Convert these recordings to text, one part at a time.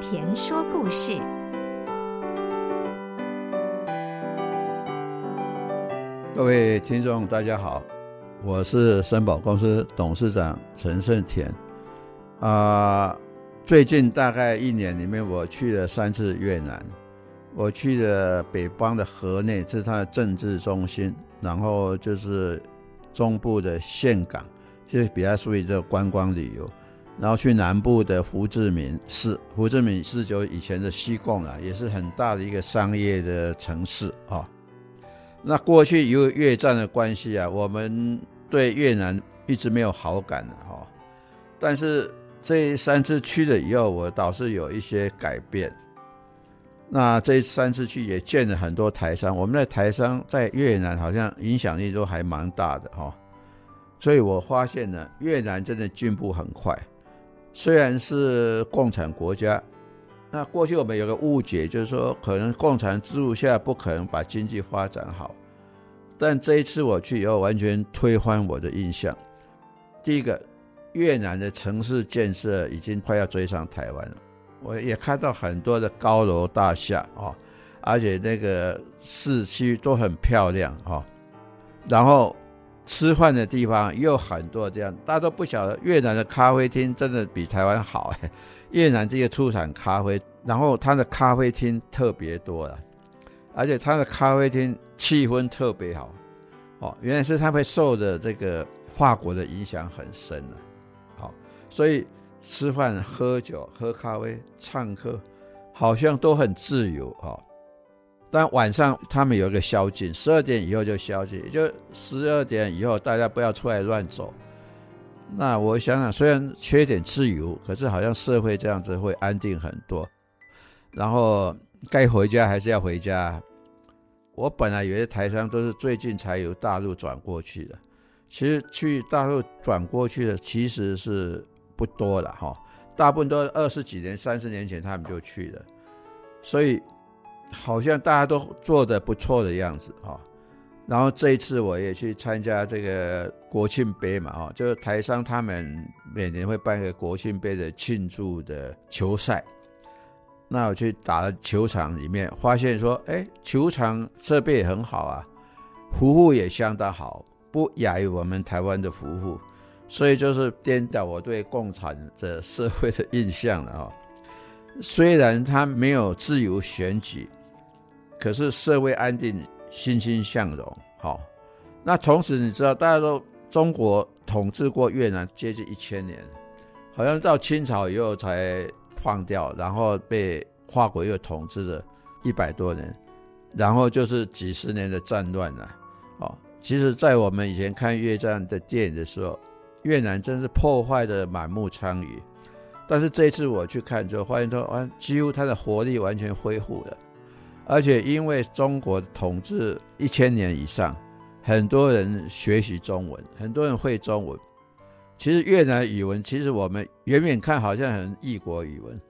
田說故事，各位聽眾大家好，我是森寶公司董事長陳勝田。啊、呃，最近大概一年裡面，我去了三次越南。我去了北方的河內，這是它的政治中心；然後就是中部的峴港，就比較屬於這觀光旅遊。然後去南部的胡志明市，胡志明市就以前的西貢啊，也是很大的一個商業的城市啊。那過去由越戰的關係啊，我們對越南一直沒有好感的、啊、哈。但是這三次去了以後，我倒是有一些改變。那這三次去也見了很多台商，我們的台商在越南好像影響力都還蠻大的哈、啊。所以我發現呢，越南真的進步很快。雖然是共產國家，那過去我們有個誤解，就是說可能共產制度下不可能把經濟發展好。但這一次我去以後，完全推翻我的印象。第一個，越南的城市建設已經快要追上台灣了，我也看到很多的高樓大廈啊，而且那個市區都很漂亮啊。然後。吃飯的地方也有很多這樣，大家都不曉得越南的咖啡廳真的比台灣好欸。越南這些出產咖啡，然後它的咖啡廳特別多了，而且它的咖啡廳氣氛特別好。哦，原來是他會受的這個法國的影響很深啊。好、哦，所以吃飯、喝酒、喝咖啡、唱歌，好像都很自由啊。哦但晚上他們有個宵禁，十二點以後就宵禁，就十二點以後大家不要出來亂走。那我想想，雖然缺點自由，可是好像社會這樣子會安定很多。然後該回家還是要回家。我本來以為台商都是最近才由大陸轉過去的，其實去大陸轉過去的其實是不多的哈，大部分都二十幾年、三十年前他們就去了，所以。好像大家都做得不錯的樣子啊、哦，然後這一次我也去參加這個國慶杯嘛，哈，就是台商他們每年會辦一個國慶杯的慶祝的球賽，那我去打球場裡面，發現說，哎，球場設備也很好啊，服務也相當好，不亞於我們台灣的服務，所以就是顛倒我對共產的社會的印象了啊、哦，雖然他沒有自由選舉。可是社會安定，欣欣向榮。好、哦，那同時你知道，大家都中國統治過越南接近一千年，好像到清朝以後才放掉，然後被法國又統治了一百多年，然後就是幾十年的戰亂了、啊。哦，其實，在我們以前看越戰的電影的時候，越南真是破壞的滿目瘡痍。但是這一次我去看之後，發現說，啊，幾乎它的活力完全恢復了。而且因為中國統治一千年以上，很多人學習中文，很多人會中文。其實越南語文，其實我們遠遠看好像很異國語文，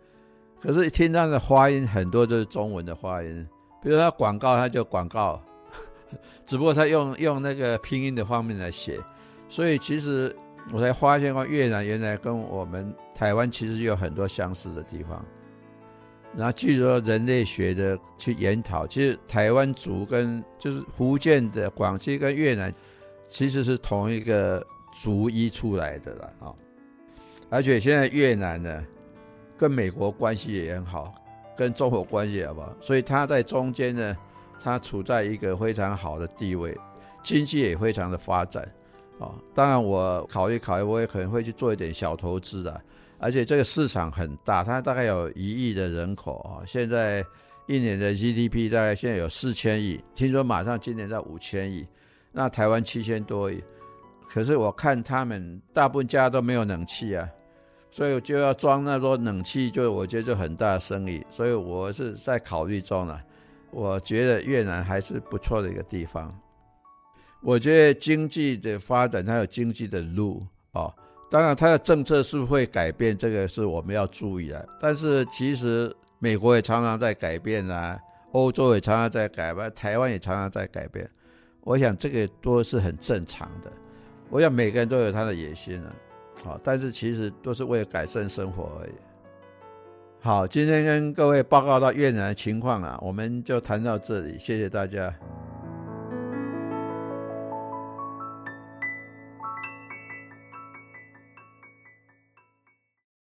可是一聽它的發音，很多都是中文的發音。比如他廣告，他就廣告，呵呵，只不過他用用那個拼音的方面來寫。所以其實我才發現，過越南原來跟我們台灣其實有很多相似的地方。那據說人類學的去研討，其實台灣族跟就是福建的、廣西跟越南，其實是同一個族裔出來的了啊、哦。而且現在越南呢，跟美國關係也很好，跟中國關係也好，好。所以他在中間呢，他處在一個非常好的地位，經濟也非常的發展啊、哦。當然，我考慮考慮，我也可能會去做一點小投資的。而且這個市場很大，它大概有一億的人口啊。現在一年的 GDP 大概現在有四千億，聽說馬上今年到五千億，那台灣七千多億。可是我看他們大部分家都沒有冷氣啊，所以我就要裝那麼多冷氣就，就我覺得就很大的生意。所以我是在考慮中了啊。我覺得越南還是不錯的一個地方。我覺得經濟的發展它有經濟的路啊。哦當然，他的政策是，是會改變，這個是我們要注意的。但是其實美國也常常在改變啊，歐洲也常常在改變，台灣也常常在改變。我想這個都是很正常的。我想每個人都有他的野心啊，好，但是其實都是為了改善生活而已。好，今天跟各位報告到越南的情況啊，我們就談到這裡，謝謝大家。